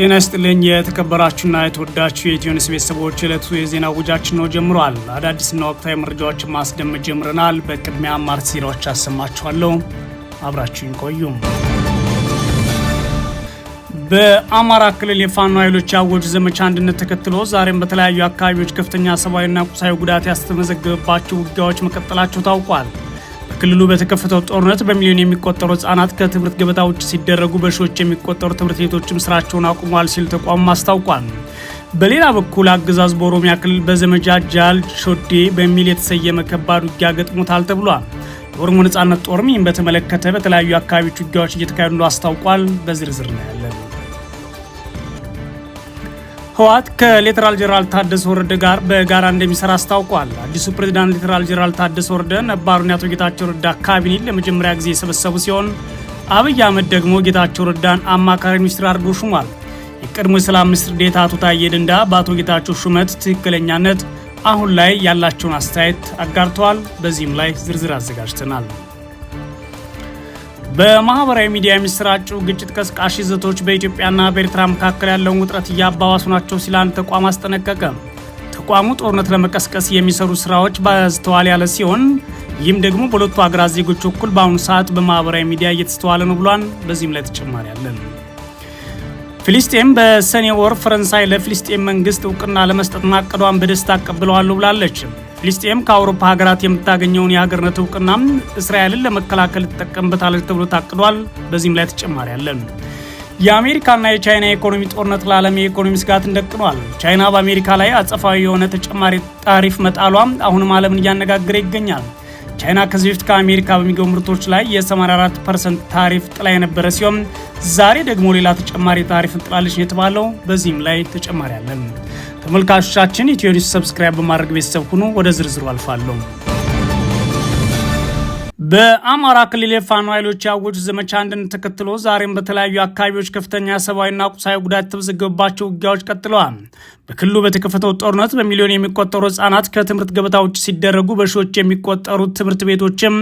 ጤና ይስጥልኝ የተከበራችሁና የተወዳችሁ የኢትዮኒስ ቤተሰቦች፣ የዕለቱ የዜና ውጃችን ነው ጀምሯል። አዳዲስና ወቅታዊ መረጃዎችን ማስደመጥ ጀምረናል። በቅድሚያ አማርት ዜናዎች አሰማችኋለሁ። አብራችሁን ቆዩም። በአማራ ክልል የፋኖ ኃይሎች ያወጁ ዘመቻ አንድነት ተከትሎ ዛሬም በተለያዩ አካባቢዎች ከፍተኛ ሰብአዊና ቁሳዊ ጉዳት ያስተመዘገበባቸው ውጊያዎች መቀጠላቸው ታውቋል። በክልሉ በተከፈተው ጦርነት በሚሊዮን የሚቆጠሩ ህጻናት ከትምህርት ገበታዎች ሲደረጉ በሺዎች የሚቆጠሩ ትምህርት ቤቶችም ስራቸውን አቁሟል ሲል ተቋም አስታውቋል። በሌላ በኩል አገዛዝ በኦሮሚያ ክልል በዘመቻ ጃል ሾዴ በሚል የተሰየመ ከባድ ውጊያ ገጥሞታል ተብሏል። የኦሮሞ ነጻነት ጦርም ሚን በተመለከተ በተለያዩ አካባቢዎች ውጊያዎች እየተካሄዱ አስታውቋል። በዝርዝር ነው ያለን። ህወሓት ከሌተናል ጄኔራል ታደሰ ወረደ ጋር በጋራ እንደሚሰራ አስታውቋል። አዲሱ ፕሬዝዳንት ሌተናል ጄኔራል ታደሰ ወረደ ነባሩን የአቶ ጌታቸው ረዳ ካቢኔ ለመጀመሪያ ጊዜ የሰበሰቡ ሲሆን አብይ አህመድ ደግሞ ጌታቸው ረዳን አማካሪ ሚኒስትር አድርጎ ሹሟል። የቀድሞ የሰላም ሚኒስትር ዴታ አቶ ታዬ ደንዳ በአቶ ጌታቸው ሹመት ትክክለኛነት አሁን ላይ ያላቸውን አስተያየት አጋርተዋል። በዚህም ላይ ዝርዝር አዘጋጅተናል። በማህበራዊ ሚዲያ የሚሰራጩ ግጭት ቀስቃሽ ይዘቶች በኢትዮጵያና በኤርትራ መካከል ያለውን ውጥረት እያባባሱ ናቸው ሲል አንድ ተቋም አስጠነቀቀ። ተቋሙ ጦርነት ለመቀስቀስ የሚሰሩ ስራዎች በዝተዋል ያለ ሲሆን ይህም ደግሞ በሁለቱ ሀገራት ዜጎች በኩል በአሁኑ ሰዓት በማህበራዊ ሚዲያ እየተስተዋለ ነው ብሏን። በዚህም ላይ ተጨማሪ አለን። ፊሊስጤም በሰኔ ወር ፈረንሳይ ለፊሊስጤም መንግስት እውቅና ለመስጠት ማቀዷን በደስታ አቀብለዋሉ ብላለች። ፊሊስጤም ከአውሮፓ ሀገራት የምታገኘውን የሀገርነት እውቅና እስራኤልን ለመከላከል ትጠቀምበታለች ተብሎ ታቅዷል። በዚህም ላይ ተጨማሪ አለን። የአሜሪካና የቻይና የኢኮኖሚ ጦርነት ለዓለም የኢኮኖሚ ስጋትን ደቅኗል። ቻይና በአሜሪካ ላይ አጸፋዊ የሆነ ተጨማሪ ታሪፍ መጣሏ አሁንም ዓለምን እያነጋገረ ይገኛል። ቻይና ከዚህ በፊት ከአሜሪካ በሚገቡ ምርቶች ላይ የ84 ፐርሰንት ታሪፍ ጥላ የነበረ ሲሆን ዛሬ ደግሞ ሌላ ተጨማሪ ታሪፍ እንጥላለች የተባለው በዚህም ላይ ተጨማሪ አለን። ተመልካቾቻችን ኢትዮ ኒውስ ሰብስክራይብ በማድረግ ቤተሰብ ሁኑ። ወደ ዝርዝሩ አልፋለሁ። በአማራ ክልል የፋኖ ኃይሎች ያወጁት ዘመቻ አንድነት ተከትሎ ዛሬም በተለያዩ አካባቢዎች ከፍተኛ ሰብአዊና ቁሳዊ ጉዳት የተመዘገበባቸው ውጊያዎች ቀጥለዋል። በክልሉ በተከፈተው ጦርነት በሚሊዮን የሚቆጠሩ ህጻናት ከትምህርት ገበታ ውጭ ሲደረጉ በሺዎች የሚቆጠሩ ትምህርት ቤቶችም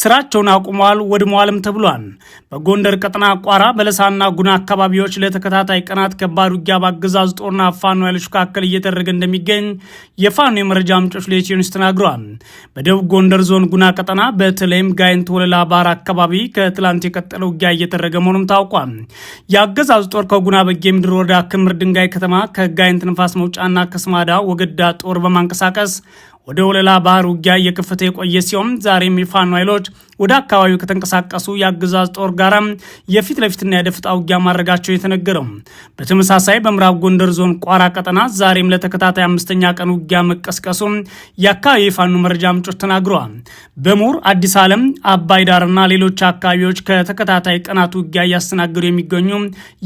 ስራቸውን አቁመዋል፣ ወድመዋልም ተብሏል። በጎንደር ቀጠና ቋራ፣ በለሳና ጉና አካባቢዎች ለተከታታይ ቀናት ከባድ ውጊያ በአገዛዙ ጦርና ፋኖ ኃይሎች መካከል እየተደረገ እንደሚገኝ የፋኖ የመረጃ ምንጮች ለኢትዮ ተናግረዋል። በደቡብ ጎንደር ዞን ጉና ቀጠና በተለይም ጋይንት ወለላ ባር አካባቢ ከትላንት የቀጠለ ውጊያ እየተደረገ መሆኑም ታውቋል። የአገዛዙ ጦር ከጉና በጌምድር ወረዳ ክምር ድንጋይ ከተማ ከጋይንት ንፋስ ራስ መውጫና ከስማዳ ወገዳ ጦር በማንቀሳቀስ ወደ ወለላ ባህር ውጊያ እየከፈተ የቆየ ሲሆን ዛሬም የፋኖ ኃይሎች ወደ አካባቢው ከተንቀሳቀሱ የአገዛዝ ጦር ጋር የፊት ለፊትና የደፍጣ ውጊያ ማድረጋቸው የተነገረው። በተመሳሳይ በምዕራብ ጎንደር ዞን ቋራ ቀጠና ዛሬም ለተከታታይ አምስተኛ ቀን ውጊያ መቀስቀሱ የአካባቢ የፋኖ መረጃ ምንጮች ተናግረዋል። በሙር አዲስ ዓለም፣ አባይ ዳርና ሌሎች አካባቢዎች ከተከታታይ ቀናት ውጊያ እያስተናገዱ የሚገኙ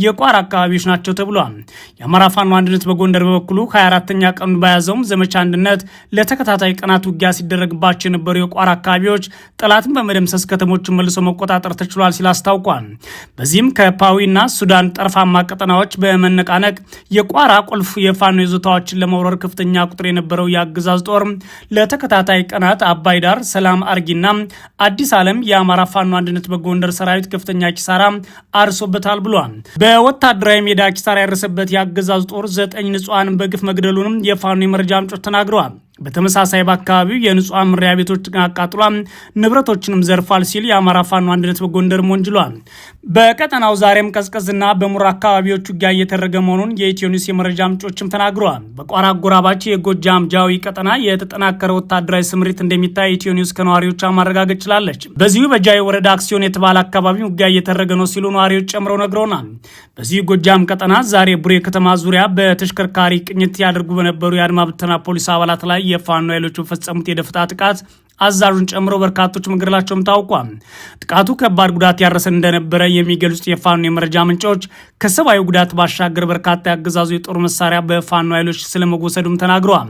የቋራ አካባቢዎች ናቸው ተብሏል። የአማራ ፋኖ አንድነት በጎንደር በበኩሉ 24ተኛ ቀኑ በያዘውም ዘመቻ አንድነት ለተከታታይ ቀናት ውጊያ ሲደረግባቸው የነበሩ የቋራ አካባቢዎች ጠላትን በመደ የመደምሰስ ከተሞችን መልሶ መቆጣጠር ተችሏል ሲል አስታውቋል። በዚህም ከፓዊና ሱዳን ጠርፋማ ቀጠናዎች በመነቃነቅ የቋራ ቁልፍ የፋኖ ይዞታዎችን ለመውረር ከፍተኛ ቁጥር የነበረው የአገዛዝ ጦር ለተከታታይ ቀናት አባይ ዳር፣ ሰላም አርጊና አዲስ ዓለም የአማራ ፋኖ አንድነት በጎንደር ሰራዊት ከፍተኛ ኪሳራ አርሶበታል ብሏል። በወታደራዊ ሜዳ ኪሳራ ያደረሰበት የአገዛዝ ጦር ዘጠኝ ንጹሐንን በግፍ መግደሉንም የፋኖ የመረጃ ምንጮች ተናግረዋል። በተመሳሳይ በአካባቢው የንጹሐን መኖሪያ ቤቶች አቃጥሏል፣ ንብረቶችንም ዘርፏል ሲል የአማራ ፋኖ አንድነት በጎንደርም ወንጅሏል። በቀጠናው ዛሬም ቀዝቀዝና በሙር አካባቢዎች ውጊያ እየተደረገ መሆኑን የኢትዮ የመረጃ ምንጮችም ተናግረዋል። በቋራ አጎራባች የጎጃም ጃዊ ቀጠና የተጠናከረ ወታደራዊ ስምሪት እንደሚታይ ኢትዮ ከነዋሪዎቿ ማረጋገጥ ችላለች። በዚሁ በጃዊ ወረዳ አክሲዮን የተባለ አካባቢ ውጊያ እየተደረገ ነው ሲሉ ነዋሪዎች ጨምረው ነግረውናል። በዚህ ጎጃም ቀጠና ዛሬ ቡሬ ከተማ ዙሪያ በተሽከርካሪ ቅኝት ያደርጉ በነበሩ የአድማ ብተና ፖሊስ አባላት ላይ የፋኖ ኃይሎች በፈጸሙት የደፈጣ ጥቃት አዛዡን ጨምሮ በርካቶች መገደላቸውም ታውቋል። ጥቃቱ ከባድ ጉዳት ያረሰ እንደነበረ የሚገልጹት የፋኖ የመረጃ ምንጮች ከሰብአዊ ጉዳት ባሻገር በርካታ ያገዛዙ የጦር መሳሪያ በፋኖ ኃይሎች ስለመወሰዱም ተናግረዋል።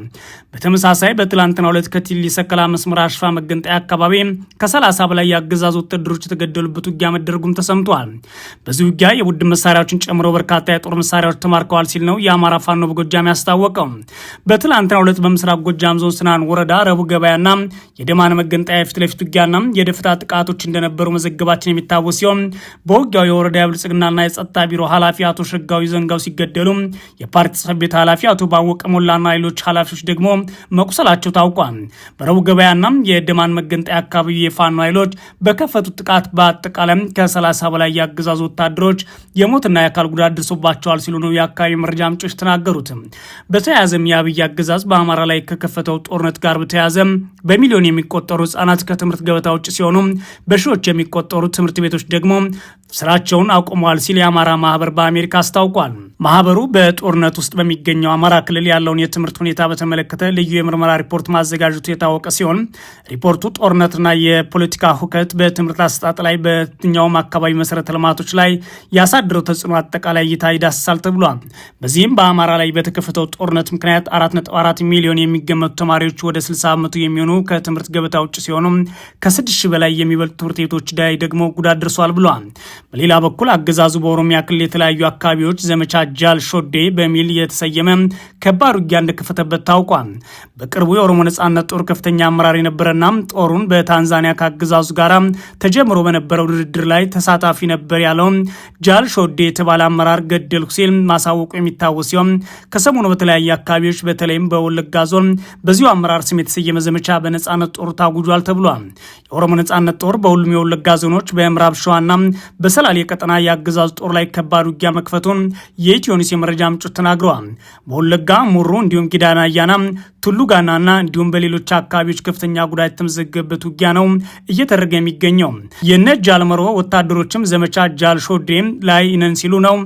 በተመሳሳይ በትላንትና ሁለት ከቲል ሰከላ መስመር አሽፋ መገንጠያ አካባቢ ከ30 በላይ ያገዛዙ ወታደሮች የተገደሉበት ውጊያ መደረጉም ተሰምቷል። በዚህ ውጊያ የቡድን መሳሪያዎችን ጨምሮ በርካታ የጦር መሳሪያዎች ተማርከዋል ሲል ነው የአማራ ፋኖ በጎጃም ያስታወቀው። በትላንትና ሁለት በምስራቅ ጎጃም ዞን ስናን ወረዳ ረቡ ገበያና የማነ መገንጠያ የፊት ለፊት ውጊያና የደፍታ ጥቃቶች እንደነበሩ መዘገባችን የሚታወስ ሲሆን በውጊያው የወረዳ የብልጽግናና የጸጥታ ቢሮ ኃላፊ አቶ ሸጋዊ ዘንጋው ሲገደሉ የፓርቲ ጽሕፈት ቤት ኃላፊ አቶ ባወቀ ሞላና ሌሎች ኃላፊዎች ደግሞ መቁሰላቸው ታውቋል። በረቡዕ ገበያና የደማን መገንጠያ አካባቢ የፋኖ ኃይሎች በከፈቱት ጥቃት በአጠቃላይ ከ30 በላይ የአገዛዙ ወታደሮች የሞትና የአካል ጉዳት ደርሶባቸዋል ሲሉ ነው የአካባቢ መረጃ ምንጮች ተናገሩት። በተያያዘም የአብይ አገዛዝ በአማራ ላይ ከከፈተው ጦርነት ጋር በተያያዘ በሚሊዮን የሚ የሚቆጠሩ ህጻናት ከትምህርት ገበታ ውጭ ሲሆኑ በሺዎች የሚቆጠሩ ትምህርት ቤቶች ደግሞ ስራቸውን አቁመዋል ሲል የአማራ ማህበር በአሜሪካ አስታውቋል። ማህበሩ በጦርነት ውስጥ በሚገኘው አማራ ክልል ያለውን የትምህርት ሁኔታ በተመለከተ ልዩ የምርመራ ሪፖርት ማዘጋጀቱ የታወቀ ሲሆን ሪፖርቱ ጦርነትና የፖለቲካ ሁከት በትምህርት አሰጣጥ ላይ በየትኛውም አካባቢ መሰረተ ልማቶች ላይ ያሳድረው ተጽዕኖ አጠቃላይ እይታ ይዳስሳል ተብሏል። በዚህም በአማራ ላይ በተከፈተው ጦርነት ምክንያት 4.4 ሚሊዮን የሚገመቱ ተማሪዎች ወደ 60 በመቶ የሚሆኑ ከትምህርት ገበታ ውጭ ሲሆኑ ከ6 ሺህ በላይ የሚበልጡ ትምህርት ቤቶች ላይ ደግሞ ጉዳት ደርሷል ብሏል። በሌላ በኩል አገዛዙ በኦሮሚያ ክልል የተለያዩ አካባቢዎች ዘመቻ ጃል ሾዴ በሚል የተሰየመ ከባድ ውጊያ እንደከፈተበት ታውቋል። በቅርቡ የኦሮሞ ነጻነት ጦር ከፍተኛ አመራር የነበረና ጦሩን በታንዛኒያ ከአገዛዙ ጋር ተጀምሮ በነበረው ድርድር ላይ ተሳታፊ ነበር ያለውን ጃል ሾዴ የተባለ አመራር ገደልኩ ሲል ማሳወቁ የሚታወስ ሲሆን ከሰሞኑ በተለያዩ አካባቢዎች በተለይም በወለጋ ዞን በዚሁ አመራር ስም የተሰየመ ዘመቻ በነጻነት ጦር ታጉጇል ተብሏል። የኦሮሞ ነጻነት ጦር በሁሉም የወለጋ ዞኖች በምዕራብ ሸዋና በ። በሰላሌ ቀጠና የአገዛዝ ጦር ላይ ከባድ ውጊያ መክፈቱን የኢትዮኒስ የመረጃ ምንጮች ተናግረዋል። በወለጋ ሙሩ፣ እንዲሁም ጊዳና አያና፣ ቱሉ ጋናና እንዲሁም በሌሎች አካባቢዎች ከፍተኛ ጉዳት የተመዘገበት ውጊያ ነው እየተደረገ የሚገኘው። የነ ጃልመሮ ወታደሮችም ዘመቻ ጃልሾዴ ላይ ነን ሲሉ ነው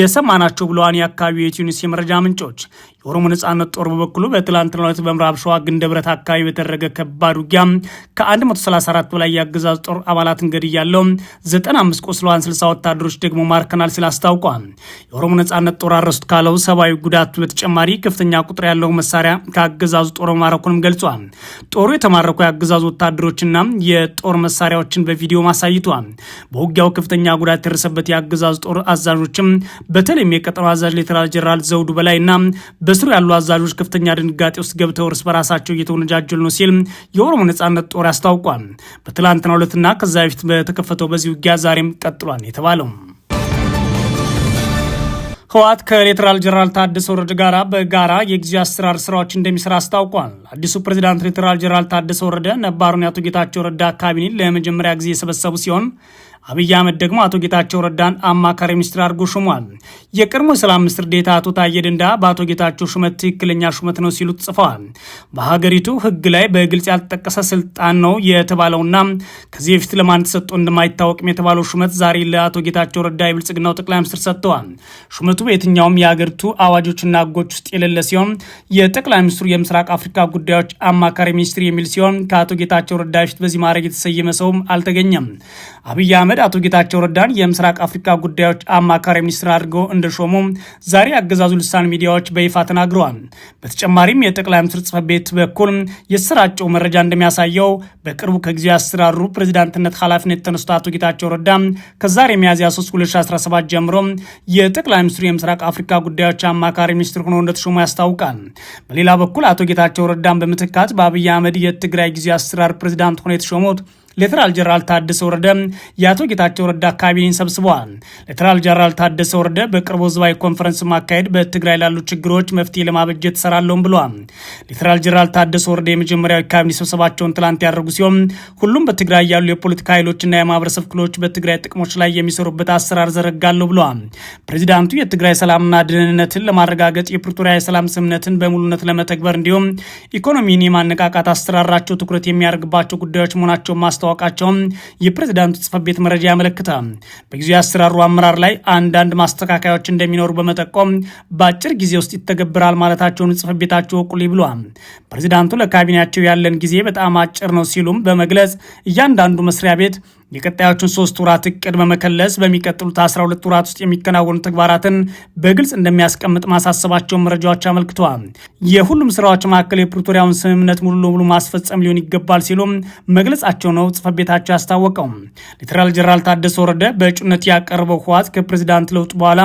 የሰማናቸው ብለዋን የአካባቢው የኢትዮኒስ የመረጃ ምንጮች የኦሮሞ ነጻነት ጦር በበኩሉ በትላንትናው ዕለት በምዕራብ ሸዋ ግንደብረት አካባቢ በተደረገ ከባድ ውጊያ ከ134 በላይ የአገዛዝ ጦር አባላትን ገድያለሁ፣ 95 ቆስለዋን፣ 60 ወታደሮች ደግሞ ማርከናል ሲል አስታውቋል። የኦሮሞ ነጻነት ጦር አረሱት ካለው ሰብአዊ ጉዳቱ በተጨማሪ ከፍተኛ ቁጥር ያለው መሳሪያ ከአገዛዙ ጦር መማረኩንም ገልጿል። ጦሩ የተማረኩ የአገዛዙ ወታደሮችና የጦር መሳሪያዎችን በቪዲዮ ማሳይቷል። በውጊያው ከፍተኛ ጉዳት የደረሰበት የአገዛዙ ጦር አዛዦችም በተለይም የቀጠሮ አዛዥ ሌተናል ጀነራል ዘውዱ በላይና በ በስሩ ያሉ አዛዦች ከፍተኛ ድንጋጤ ውስጥ ገብተው እርስ በራሳቸው እየተወነጃጀሉ ነው ሲል የኦሮሞ ነጻነት ጦር አስታውቋል። በትላንትና ሁለትና ከዛ በፊት በተከፈተው በዚህ ውጊያ ዛሬም ቀጥሏል የተባለው ህወሓት ከሌተናል ጀነራል ታደሰ ወረደ ጋር በጋራ የጊዜ አስተዳደር ስራዎች እንደሚሰራ አስታውቋል። አዲሱ ፕሬዚዳንት ሌተናል ጀነራል ታደሰ ወረደ ነባሩን የአቶ ጌታቸው ረዳ ካቢኔ ለመጀመሪያ ጊዜ የሰበሰቡ ሲሆን አብይ አህመድ ደግሞ አቶ ጌታቸው ረዳን አማካሪ ሚኒስትር አድርጎ ሹሟል። የቀድሞ ሰላም ሚኒስትር ዴታ አቶ ታዬ ደንዳ በአቶ ጌታቸው ሹመት ትክክለኛ ሹመት ነው ሲሉ ጽፈዋል። በሀገሪቱ ህግ ላይ በግልጽ ያልተጠቀሰ ስልጣን ነው የተባለውና ከዚህ በፊት ለማን ተሰጥቶ እንደማይታወቅም የተባለው ሹመት ዛሬ ለአቶ ጌታቸው ረዳ የብልጽግናው ጠቅላይ ሚኒስትር ሰጥተዋል። ሹመቱ በየትኛውም የሀገሪቱ አዋጆችና ህጎች ውስጥ የሌለ ሲሆን የጠቅላይ ሚኒስትሩ የምስራቅ አፍሪካ ጉዳዮች አማካሪ ሚኒስትር የሚል ሲሆን ከአቶ ጌታቸው ረዳ በፊት በዚህ ማድረግ የተሰየመ ሰውም አልተገኘም። አብይ አህመድ አህመድ አቶ ጌታቸው ረዳን የምስራቅ አፍሪካ ጉዳዮች አማካሪ ሚኒስትር አድርገው እንደሾሙ ዛሬ አገዛዙ ልሳን ሚዲያዎች በይፋ ተናግረዋል። በተጨማሪም የጠቅላይ ሚኒስትር ጽህፈት ቤት በኩል የሰራጨው መረጃ እንደሚያሳየው በቅርቡ ከጊዜ አሰራሩ ፕሬዚዳንትነት ኃላፊነት የተነሱት አቶ ጌታቸው ረዳ ከዛሬ ሚያዝያ 3 2017 ጀምሮ የጠቅላይ ሚኒስትሩ የምስራቅ አፍሪካ ጉዳዮች አማካሪ ሚኒስትር ሆኖ እንደተሾሙ ያስታውቃል። በሌላ በኩል አቶ ጌታቸው ረዳን በምትካት በአብይ አህመድ የትግራይ ጊዜ አሰራር ፕሬዚዳንት ሆኖ የተሾሙት ሌተናል ጀነራል ታደሰ ወረደ የአቶ ጌታቸው ረዳ ካቢኔን ሰብስበዋል። ሌተናል ጀነራል ታደሰ ወረደ በቅርቡ ህዝባዊ ኮንፈረንስ ማካሄድ በትግራይ ላሉ ችግሮች መፍትሄ ለማበጀት ሰራለሁም ብለዋል። ሌተናል ጀነራል ታደሰ ወረደ የመጀመሪያዊ ካቢኔ ስብሰባቸውን ትላንት ያደርጉ ሲሆን ሁሉም በትግራይ ያሉ የፖለቲካ ኃይሎችና የማህበረሰብ ክፍሎች በትግራይ ጥቅሞች ላይ የሚሰሩበት አሰራር ዘረጋለሁ ብለዋል። ፕሬዚዳንቱ የትግራይ ሰላምና ደህንነትን ለማረጋገጥ የፕሪቶሪያ የሰላም ስምምነትን በሙሉነት ለመተግበር እንዲሁም ኢኮኖሚን የማነቃቃት አሰራራቸው ትኩረት የሚያደርግባቸው ጉዳዮች መሆናቸውን ማስታ ማስታወቃቸውም የፕሬዝዳንቱ ጽህፈት ቤት መረጃ ያመለክታል። በጊዜው ያሰራሩ አመራር ላይ አንዳንድ ማስተካከያዎች እንደሚኖሩ በመጠቆም በአጭር ጊዜ ውስጥ ይተገብራል ማለታቸውን ጽህፈት ቤታቸው ወቁልኝ ብሏል። ፕሬዚዳንቱ ለካቢኔያቸው ያለን ጊዜ በጣም አጭር ነው ሲሉም በመግለጽ እያንዳንዱ መስሪያ ቤት የቀጣዮቹን ሶስት ወራት እቅድ በመከለስ በሚቀጥሉት 12 ወራት ውስጥ የሚከናወኑ ተግባራትን በግልጽ እንደሚያስቀምጥ ማሳሰባቸውን መረጃዎች አመልክተዋል። የሁሉም ስራዎች መካከል የፕሪቶሪያውን ስምምነት ሙሉ ለሙሉ ማስፈጸም ሊሆን ይገባል ሲሉም መግለጻቸው ነው ጽፈት ቤታቸው ያስታወቀው። ሌተናል ጀነራል ታደሰ ወረደ በእጩነት ያቀረበው ህወሓት ከፕሬዚዳንት ለውጥ በኋላ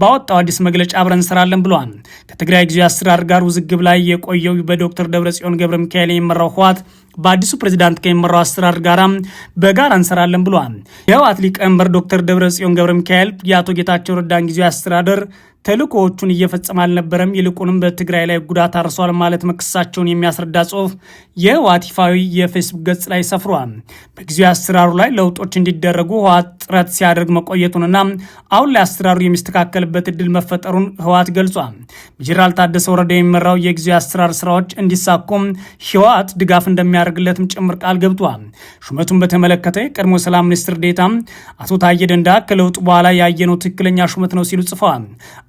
ባወጣው አዲስ መግለጫ አብረን እንሰራለን ብሏል። ከትግራይ ጊዜያዊ አስተዳደር ጋር ውዝግብ ላይ የቆየው በዶክተር ደብረጽዮን ገብረ ሚካኤል የሚመራው ህወሓት በአዲሱ ፕሬዚዳንት ከሚመራው አሰራር ጋራ በጋራ እንሰራለን ብሏል። የህወሓት ሊቀመንበር ዶክተር ደብረጽዮን ገብረ ሚካኤል የአቶ ጌታቸው ረዳን ጊዜ አስተዳደር ተልእኮዎቹን እየፈጸመ አልነበረም፣ ይልቁንም በትግራይ ላይ ጉዳት አርሷል ማለት መክሳቸውን የሚያስረዳ ጽሁፍ የህወሓት ይፋዊ የፌስቡክ ገጽ ላይ ሰፍሯል። በጊዜያዊ አሰራሩ ላይ ለውጦች እንዲደረጉ ህወሓት ጥረት ሲያደርግ መቆየቱንና አሁን ላይ አሰራሩ የሚስተካከልበት እድል መፈጠሩን ህወሓት ገልጿል። በጄኔራል ታደሰ ወረደ የሚመራው የጊዜያዊ አሰራር ስራዎች እንዲሳኩም ህወሓት ድጋፍ እንደሚያደርግለትም ጭምር ቃል ገብቷል። ሹመቱን በተመለከተ የቀድሞ ሰላም ሚኒስትር ዴታ አቶ ታዬ ደንዳ ከለውጡ በኋላ ያየነው ትክክለኛ ሹመት ነው ሲሉ ጽፈዋል።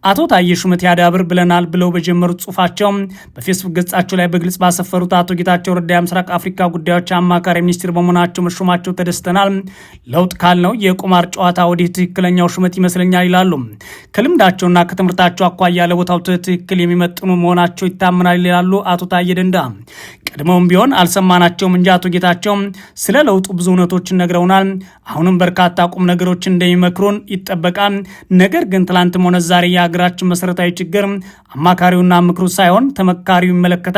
አቶ ታዬ ሹመት ያዳብር ብለናል ብለው በጀመሩት ጽሁፋቸው በፌስቡክ ገጻቸው ላይ በግልጽ ባሰፈሩት አቶ ጌታቸው ረዳ የምስራቅ አፍሪካ ጉዳዮች አማካሪ ሚኒስትር በመሆናቸው መሾማቸው ተደስተናል። ለውጥ ካልነው የቁማር ጨዋታ ወዲህ ትክክለኛው ሹመት ይመስለኛል ይላሉ። ከልምዳቸውና ከትምህርታቸው አኳያ ለቦታው ትክክል የሚመጥኑ መሆናቸው ይታመናል ይላሉ አቶ ታዬ ደንዳ። ቀድመውም ቢሆን አልሰማናቸውም እንጂ አቶ ጌታቸው ስለ ለውጡ ብዙ እውነቶችን ነግረውናል። አሁንም በርካታ ቁም ነገሮች እንደሚመክሩን ይጠበቃል። ነገር ግን ትላንትም ሆነ ዛሬ የሀገራችን መሰረታዊ ችግር አማካሪውና ምክሩ ሳይሆን ተመካሪው ይመለከታል።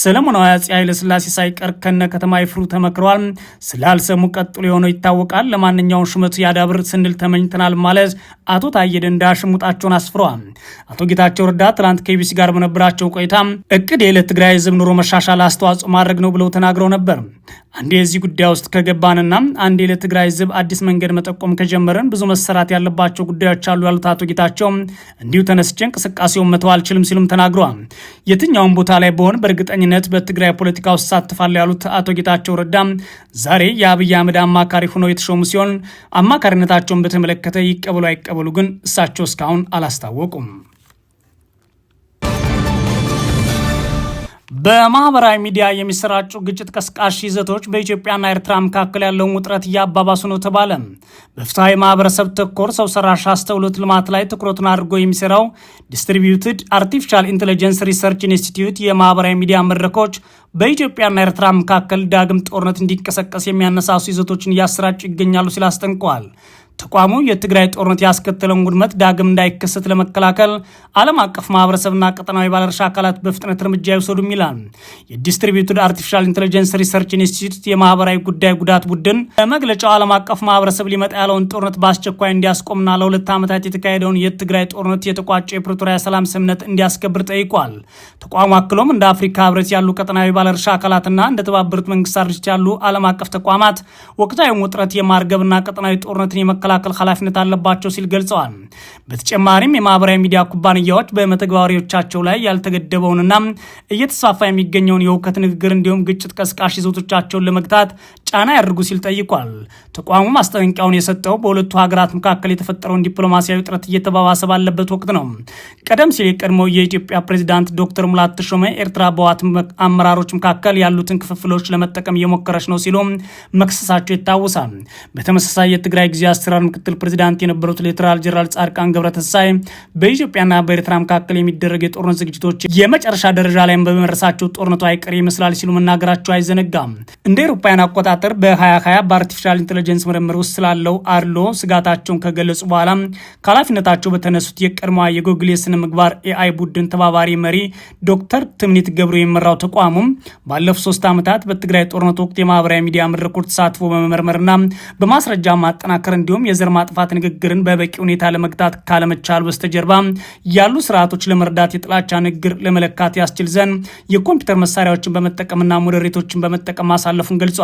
ሰለሞናዊ አፄ ኃይለስላሴ ሳይቀር ከነ ከተማ ይፍሩ ተመክረዋል። ስላልሰሙ ቀጥሎ የሆነው ይታወቃል። ለማንኛውም ሹመቱ ያዳብር ስንል ተመኝተናል ማለት አቶ ታዬ ደንዳ ሽሙጣቸውን አስፍረዋል። አቶ ጌታቸው ረዳ ትላንት ከቢሲ ጋር በነበራቸው ቆይታ እቅድ የዕለት ትግራይ ህዝብ ኑሮ መሻሻል አስተዋጽኦ ማድረግ ነው ብለው ተናግረው ነበር። አንዴ የዚህ ጉዳይ ውስጥ ከገባንና አንዴ ለትግራይ ህዝብ አዲስ መንገድ መጠቆም ከጀመረን ብዙ መሰራት ያለባቸው ጉዳዮች አሉ ያሉት አቶ ጌታቸው እንዲሁ ተነስቼ እንቅስቃሴውን መተው አልችልም ሲሉም ተናግረዋል። የትኛውም ቦታ ላይ በሆን በእርግጠኝነት በትግራይ ፖለቲካ ውስጥ ሳትፋለሁ ያሉት አቶ ጌታቸው ረዳ ዛሬ የአብይ አህመድ አማካሪ ሆነው የተሾሙ ሲሆን አማካሪነታቸውን በተመለከተ ይቀበሉ አይቀበሉ ግን እሳቸው እስካሁን አላስታወቁም። በማህበራዊ ሚዲያ የሚሰራጩ ግጭት ቀስቃሽ ይዘቶች በኢትዮጵያና ኤርትራ መካከል ያለውን ውጥረት እያባባሱ ነው ተባለ። በፍትሐዊ ማህበረሰብ ተኮር ሰው ሰራሽ አስተውሎት ልማት ላይ ትኩረቱን አድርጎ የሚሰራው ዲስትሪቢዩትድ አርቲፊሻል ኢንቴሊጀንስ ሪሰርች ኢንስቲትዩት የማህበራዊ ሚዲያ መድረኮች በኢትዮጵያና ኤርትራ መካከል ዳግም ጦርነት እንዲቀሰቀስ የሚያነሳሱ ይዘቶችን እያሰራጩ ይገኛሉ ሲል አስጠንቀዋል። ተቋሙ የትግራይ ጦርነት ያስከተለውን ውድመት ዳግም እንዳይከሰት ለመከላከል ዓለም አቀፍ ማህበረሰብና ቀጠናዊ ባለድርሻ አካላት በፍጥነት እርምጃ ይውሰዱም ይላል። የዲስትሪቢዩትድ አርቲፊሻል ኢንቴሊጀንስ ሪሰርች ኢንስቲትዩት የማህበራዊ ጉዳይ ጉዳት ቡድን በመግለጫው ዓለም አቀፍ ማህበረሰብ ሊመጣ ያለውን ጦርነት በአስቸኳይ እንዲያስቆምና ለሁለት ዓመታት የተካሄደውን የትግራይ ጦርነት የተቋጨ የፕሪቶሪያ ሰላም ስምምነት እንዲያስከብር ጠይቋል። ተቋሙ አክሎም እንደ አፍሪካ ህብረት ያሉ ቀጠናዊ ባለድርሻ አካላትና እንደ ተባበሩት መንግስታት ድርጅት ያሉ ዓለም አቀፍ ተቋማት ወቅታዊ ውጥረት የማርገብና ቀጠናዊ ጦርነትን የመከላከል የመከላከል ኃላፊነት አለባቸው ሲል ገልጸዋል። በተጨማሪም የማህበራዊ ሚዲያ ኩባንያዎች በመተግባሪዎቻቸው ላይ ያልተገደበውንና እየተስፋፋ የሚገኘውን የውከት ንግግር እንዲሁም ግጭት ቀስቃሽ ይዘቶቻቸውን ለመግታት ጫና ያድርጉ ሲል ጠይቋል። ተቋሙ ማስጠንቀቂያውን የሰጠው በሁለቱ ሀገራት መካከል የተፈጠረውን ዲፕሎማሲያዊ ውጥረት እየተባባሰ ባለበት ወቅት ነው። ቀደም ሲል የቀድሞው የኢትዮጵያ ፕሬዚዳንት ዶክተር ሙላት ተሾመ ኤርትራ በዋት አመራሮች መካከል ያሉትን ክፍፍሎች ለመጠቀም እየሞከረች ነው ሲሉ መክሰሳቸው ይታወሳል። በተመሳሳይ የትግራይ ጊዜ አስተዳደር ምክትል ፕሬዚዳንት የነበሩት ሌተናል ጄኔራል ጻድቃን ገብረተሳይ በኢትዮጵያና በኤርትራ መካከል የሚደረግ የጦርነት ዝግጅቶች የመጨረሻ ደረጃ ላይ በመድረሳቸው ጦርነቱ አይቀር ይመስላል ሲሉ መናገራቸው አይዘነጋም። እንደ አውሮፓውያን አቆጣጠር አቆጣጠር በ2020 በአርቲፊሻል ኢንቴሊጀንስ ምርምር ውስጥ ስላለው አድሎ ስጋታቸውን ከገለጹ በኋላ ከኃላፊነታቸው በተነሱት የቀድሞ የጎግል የስነ ምግባር ኤአይ ቡድን ተባባሪ መሪ ዶክተር ትምኒት ገብሩ የሚመራው ተቋሙም ባለፉት ሶስት ዓመታት በትግራይ ጦርነት ወቅት የማህበራዊ ሚዲያ መድረኮች ተሳትፎ በመመርመርና በማስረጃ ማጠናከር እንዲሁም የዘር ማጥፋት ንግግርን በበቂ ሁኔታ ለመግታት ካለመቻል በስተጀርባ ያሉ ስርዓቶች ለመርዳት የጥላቻ ንግግር ለመለካት ያስችል ዘንድ የኮምፒውተር መሳሪያዎችን በመጠቀምና ሞዴሬቶችን በመጠቀም ማሳለፉን ገልጿል።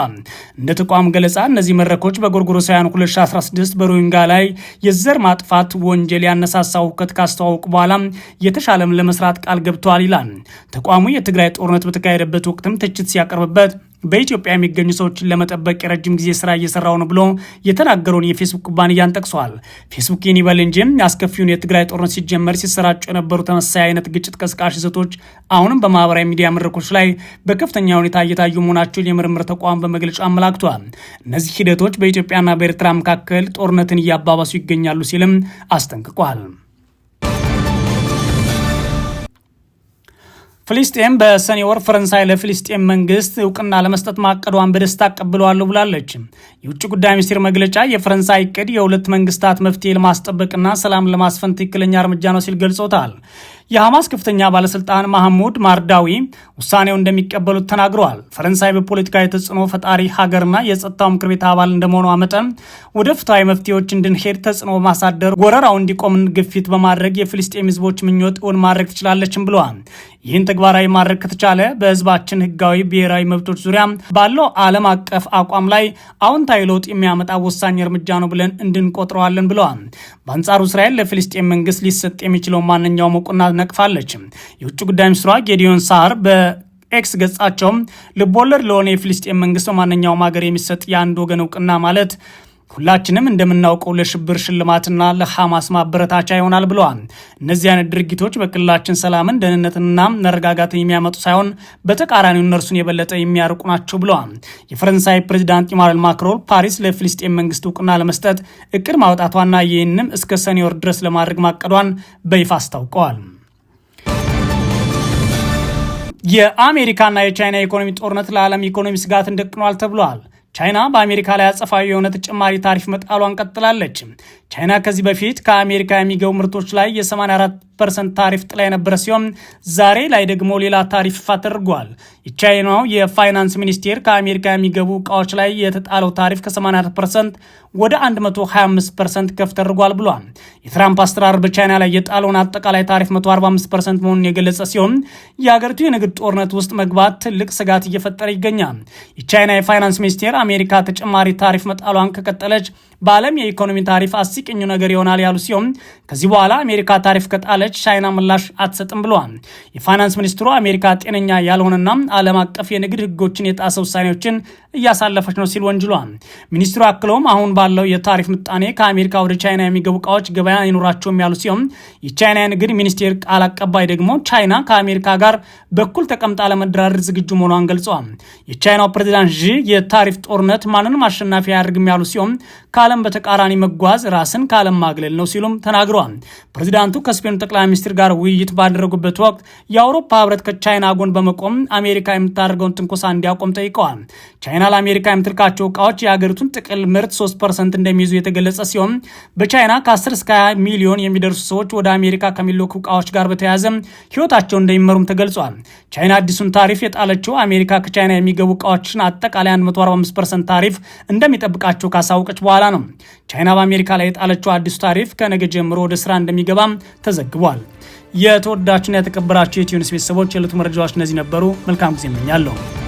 እንደ ተቋም ገለጻ እነዚህ መድረኮች በጎርጎሮሳውያን 2016 በሮሂንጋ ላይ የዘር ማጥፋት ወንጀል ያነሳሳው ሁከት ካስተዋወቁ በኋላ የተሻለም ለመስራት ቃል ገብተዋል ይላል ተቋሙ። የትግራይ ጦርነት በተካሄደበት ወቅትም ትችት ሲያቀርብበት በኢትዮጵያ የሚገኙ ሰዎችን ለመጠበቅ የረጅም ጊዜ ስራ እየሰራው ነው ብሎ የተናገረውን የፌስቡክ ኩባንያን ጠቅሷል። ፌስቡክ ይህን ይበል እንጂ አስከፊውን የትግራይ ጦርነት ሲጀመር ሲሰራጩ የነበሩ ተመሳሳይ አይነት ግጭት ቀስቃሽ ይዘቶች አሁንም በማህበራዊ ሚዲያ መድረኮች ላይ በከፍተኛ ሁኔታ እየታዩ መሆናቸውን የምርምር ተቋም በመግለጫ አመላክቷል። እነዚህ ሂደቶች በኢትዮጵያና በኤርትራ መካከል ጦርነትን እያባባሱ ይገኛሉ ሲልም አስጠንቅቋል። ፍልስጤም በሰኔ ወር ፈረንሳይ ለፍልስጤም መንግስት እውቅና ለመስጠት ማቀዷን በደስታ አቀብለዋለሁ ብላለች። የውጭ ጉዳይ ሚኒስቴር መግለጫ የፈረንሳይ እቅድ የሁለት መንግስታት መፍትሄ ለማስጠበቅና ሰላም ለማስፈን ትክክለኛ እርምጃ ነው ሲል ገልጾታል። የሐማስ ከፍተኛ ባለስልጣን ማሐሙድ ማርዳዊ ውሳኔው እንደሚቀበሉት ተናግረዋል። ፈረንሳይ በፖለቲካዊ የተጽዕኖ ፈጣሪ ሀገርና የጸጥታው ምክር ቤት አባል እንደመሆኗ መጠን ወደ ፍትሐዊ መፍትሄዎች እንድንሄድ ተጽዕኖ ማሳደር፣ ወረራው እንዲቆምን ግፊት በማድረግ የፊልስጤም ህዝቦች ምኞት እውን ማድረግ ትችላለችም ብለዋል። ይህን ተግባራዊ ማድረግ ከተቻለ በህዝባችን ህጋዊ ብሔራዊ መብቶች ዙሪያ ባለው ዓለም አቀፍ አቋም ላይ አዎንታዊ ለውጥ የሚያመጣ ወሳኝ እርምጃ ነው ብለን እንድንቆጥረዋለን ብለዋል። በአንጻሩ እስራኤል ለፊልስጤም መንግስት ሊሰጥ የሚችለው ማንኛውም እውቅና ነቅፋለች። የውጭ ጉዳይ ሚኒስትሯ ጌዲዮን ሳር በ ኤክስ ገጻቸውም ልቦለድ ለሆነ የፍልስጤን መንግስት በማንኛውም ሀገር የሚሰጥ የአንድ ወገን እውቅና ማለት ሁላችንም እንደምናውቀው ለሽብር ሽልማትና ለሐማስ ማበረታቻ ይሆናል ብለዋል። እነዚህ አይነት ድርጊቶች በክልላችን ሰላምን፣ ደህንነትንና መረጋጋትን የሚያመጡ ሳይሆን በተቃራኒው እነርሱን የበለጠ የሚያርቁ ናቸው ብለዋል። የፈረንሳይ ፕሬዚዳንት ኢማኑኤል ማክሮን ፓሪስ ለፍልስጤን መንግስት እውቅና ለመስጠት እቅድ ማውጣቷና ይህንም እስከ ሰኔ ወር ድረስ ለማድረግ ማቀዷን በይፋ አስታውቀዋል። የአሜሪካና የቻይና የኢኮኖሚ ጦርነት ለዓለም ኢኮኖሚ ስጋት ደቅኗል ተብሏል። ቻይና በአሜሪካ ላይ አጸፋዊ የሆነ ተጨማሪ ታሪፍ መጣሏን ቀጥላለች። ቻይና ከዚህ በፊት ከአሜሪካ የሚገቡ ምርቶች ላይ የ84 ፐርሰንት ታሪፍ ጥላ የነበረ ሲሆን ዛሬ ላይ ደግሞ ሌላ ታሪፍ ይፋ ተደርጓል። የቻይናው የፋይናንስ ሚኒስቴር ከአሜሪካ የሚገቡ እቃዎች ላይ የተጣለው ታሪፍ ከ84 ፐርሰንት ወደ 125 ፐርሰንት ከፍ ተደርጓል ብሏል። የትራምፕ አስተራር በቻይና ላይ የጣለውን አጠቃላይ ታሪፍ 145 ፐርሰንት መሆኑን የገለጸ ሲሆን የአገሪቱ የንግድ ጦርነት ውስጥ መግባት ትልቅ ስጋት እየፈጠረ ይገኛል። የቻይና የፋይናንስ ሚኒስቴር አሜሪካ ተጨማሪ ታሪፍ መጣሏን ከቀጠለች በዓለም የኢኮኖሚ ታሪፍ አስቂኙ ነገር ይሆናል ያሉ ሲሆን ከዚህ በኋላ አሜሪካ ታሪፍ ከጣለች ቻይና ምላሽ አትሰጥም ብለዋል። የፋይናንስ ሚኒስትሩ አሜሪካ ጤነኛ ያልሆነና ዓለም አቀፍ የንግድ ህጎችን የጣሰ ውሳኔዎችን እያሳለፈች ነው ሲል ወንጅሏል። ሚኒስትሩ አክለውም አሁን ባለው የታሪፍ ምጣኔ ከአሜሪካ ወደ ቻይና የሚገቡ እቃዎች ገበያ አይኖራቸውም ያሉ ሲሆን የቻይና ንግድ ሚኒስቴር ቃል አቀባይ ደግሞ ቻይና ከአሜሪካ ጋር በኩል ተቀምጣ ለመደራደር ዝግጁ መሆኗን ገልጸዋል። የቻይናው ፕሬዚዳንት ዢ የታሪፍ ጦርነት ማንንም አሸናፊ አያደርግም ያሉ ሲሆን ከዓለም በተቃራኒ መጓዝ ራስን ከዓለም ማግለል ነው ሲሉም ተናግረዋል። ፕሬዚዳንቱ ከስፔኑ ጠቅላይ ሚኒስትር ጋር ውይይት ባደረጉበት ወቅት የአውሮፓ ህብረት ከቻይና ጎን በመቆም አሜሪካ የምታደርገውን ትንኮሳ እንዲያቆም ጠይቀዋል። ቻይና ቻይና ለአሜሪካ የምትልካቸው እቃዎች የሀገሪቱን ጥቅል ምርት 3 ፐርሰንት እንደሚይዙ የተገለጸ ሲሆን በቻይና ከ10 እስከ 20 ሚሊዮን የሚደርሱ ሰዎች ወደ አሜሪካ ከሚለኩ እቃዎች ጋር በተያያዘ ህይወታቸው እንደሚመሩም ተገልጿል። ቻይና አዲሱን ታሪፍ የጣለችው አሜሪካ ከቻይና የሚገቡ እቃዎችን አጠቃላይ 145 ፐርሰንት ታሪፍ እንደሚጠብቃቸው ካሳወቀች በኋላ ነው። ቻይና በአሜሪካ ላይ የጣለችው አዲሱ ታሪፍ ከነገ ጀምሮ ወደ ስራ እንደሚገባም ተዘግቧል። የተወዳችሁና የተከበራችሁ የኢትዮ ኒውስ ቤተሰቦች የዕለቱ መረጃዎች እነዚህ ነበሩ። መልካም ጊዜ እመኛለሁ።